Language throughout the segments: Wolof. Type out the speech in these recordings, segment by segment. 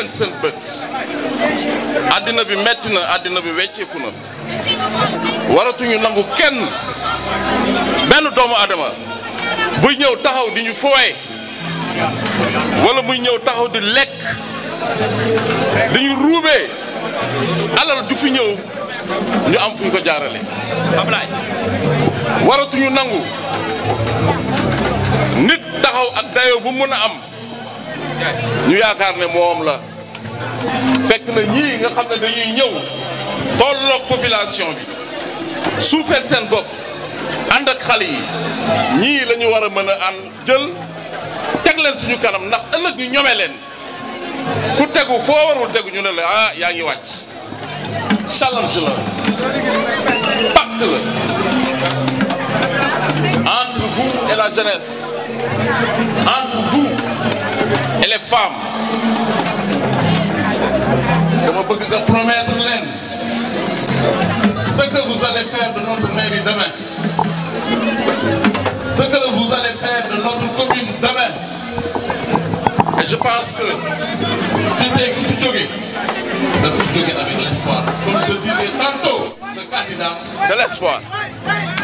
leen seen bët àddina bi metti na àddina bi wecceeku na waratuñu nangu kenn benn doomu adama buy ñëw taxaw di ñu fooye wala muy ñëw taxaw di lekk di ñu ruubee alal du fi ñëw ñu am fu ñu ko jaarale waratuñu nangu nit taxaw ak dayoo bu mën a am ñu yaakaar ne moom la fekk na ñii nga xam ne dañuy ñëw tolloog population bi suufeel seen bopp ànd ak xale yi ñii lañu war a mën a ànd jël teg leen suñu kanam ndax ëllëg ñu ñome leen ku tegu foo warul tegu ñu ne la ah yaa ngi wàcc challenge la pacte la entre vous et la jeunesse entre vous femmes dama bëgg nga promettre leen ce que vous allez faire de notre mairie demain ce que vous allez faire de notre commune demain et je pense que fii tey ku fi jóge dafa jóge avec l'espoir comme je disais tantôt le candidat de l'espoir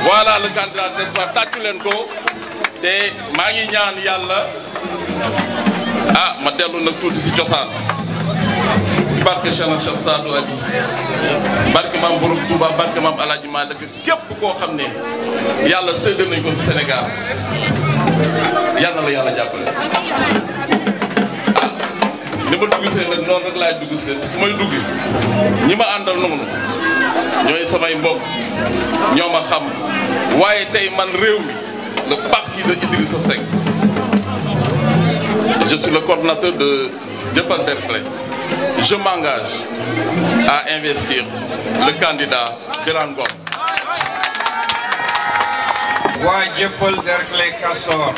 voilà le candidat de l'espoir tàccu leen ko te maa ngi ñaan yàlla ah ma dellu nag tuuti si cosaan si barke Cheikhna Cheikh Sadou Abi barke maam borom Touba barke maam El Hadj Malick képp koo xam ne yàlla sédd nañ ko si Sénégal yàlla la yàlla jàppale. ah ni ma dugg seen nag noonu rek laay dugg seen su may dugg ñi ma àndal noonu ñooy samay mbokk ñoo ma xam waaye tey man réew mi le parti de Idrissa Seck. Je suis le coordinateur de Japan Berkeley. Je m'engage à investir le candidat Birame Ngom. waa Jëppal Derklé Kassor.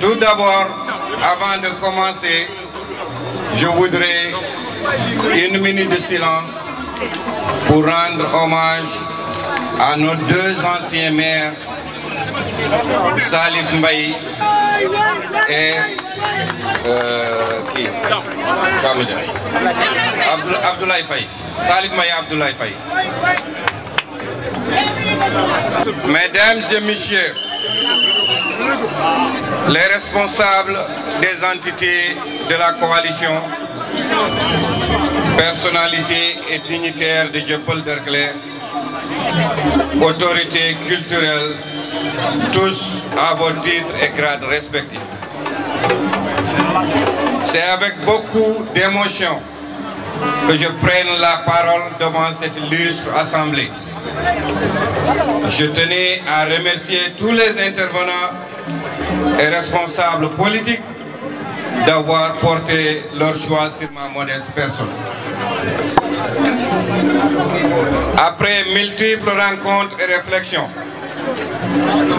Tout d'abord, avant de commencer, je voudrais une minute de silence pour rendre hommage à nos deux anciens maires Salif Mbaye et kii euh, Kamija Abdoulaye Faye Salif Mbaye Abdoulaye Mesdames et messieurs, les responsables des entités de la coalition, personnalités et dignitaires de Dieuppeul-Derklé, autorités culturelles tous à vos titres et grades respectifs. C'est avec beaucoup d'émotion que je prenne la parole devant cette illustre assemblée. Je tenais à remercier tous les intervenants et responsables politiques d'avoir porté leur choix sur ma modeste personne. Après multiples rencontres et réflexions,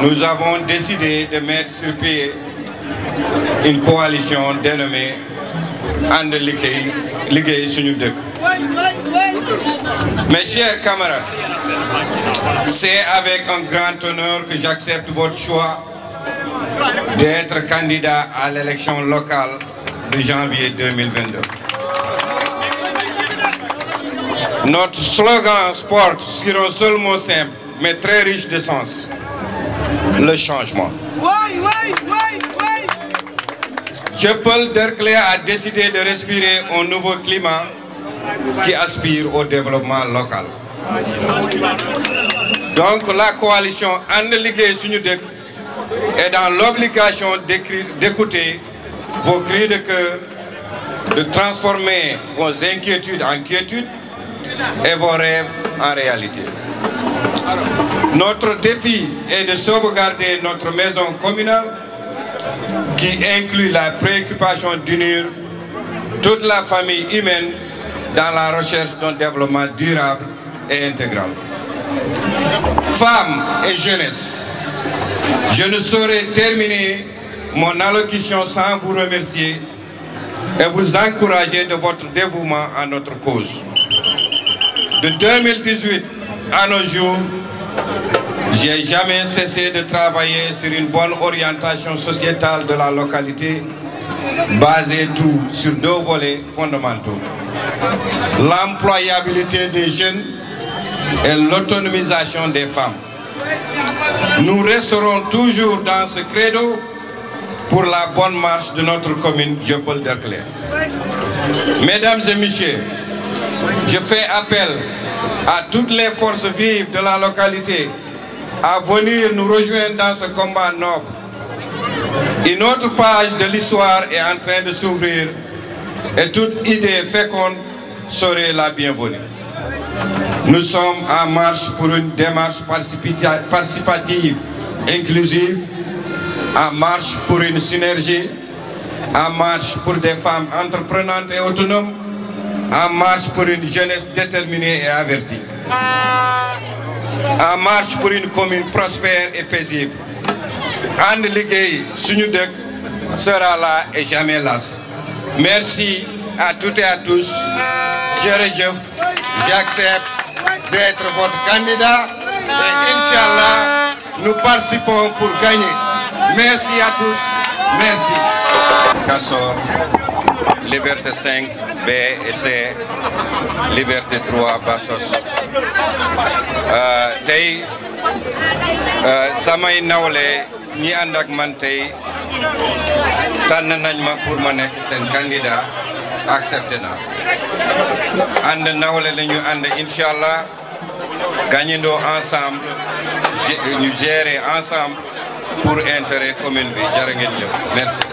nous avons décidé de mettre sur pied une coalition dénommée Liggéey Suñu Dëkk. Mes chers camarades, c'est un grand honneur que j'accepte votre choix à l'élection locale de janvier 2022. Notre slogan porte sur un seul mot simple, de sens. le changement. Oui, oui, oui, Keppel Derklé a décidé de respirer un nouveau climat qui aspire au développement local. Donc la coalition And Liggéey Suñu Dëkk est dans l'obligation d'écouter vos cris de cœur, de transformer vos inquiétudes en quiétudes et vos rêves en réalité. Notre défi est de sauvegarder notre maison communale qui inclut la préoccupation d'unir la famille humaine dans la recherche d'un développement durable et intégral. Femmes et jeunesse, je de votre dévouement à à nos jours, j'ai jamais cessé de travailler sur une bonne orientation sociétale de la localité, basée tout sur deux volets fondamentaux. L'employabilité des jeunes et l'autonomisation des femmes. Nous resterons toujours dans ce credo pour la bonne marche de notre commune Dieuppeul-Derklé. Mesdames et messieurs, je fais appel à toutes les forces vives de la localité à venir nous rejoindre dans ce combat noble. Une autre de l'histoire est en train de s'ouvrir et toute idée féconde serait la bienvenue. Nous sommes en marche pour une démarche participative inclusive, en marche pour une synergie, en marche pour des femmes entreprenantes et autonomes, En marche pour une jeunesse déterminée et avertie. En marche pour une commune prospère et paisible. ànd liggéey suñu dëkk sera et jamais las. Merci à toutes et à tous. Jërëjëf. J'accepte d'être votre candidat et Inch'Allah, nous participons pour gagner. Merci à tous. Merci. Castor, Liberté 5. BEC Liberté 3 Bassos euh, tey euh, samay nawle ñi ànd ak man tey tànn nañ ma pour ma nekk seen candidat accepté naa ànd nawle la ñu ànd incha allah gagnandoo ensemble ñu gérer ensemble pour intérêt commune bi jërë ngeen jëf merci.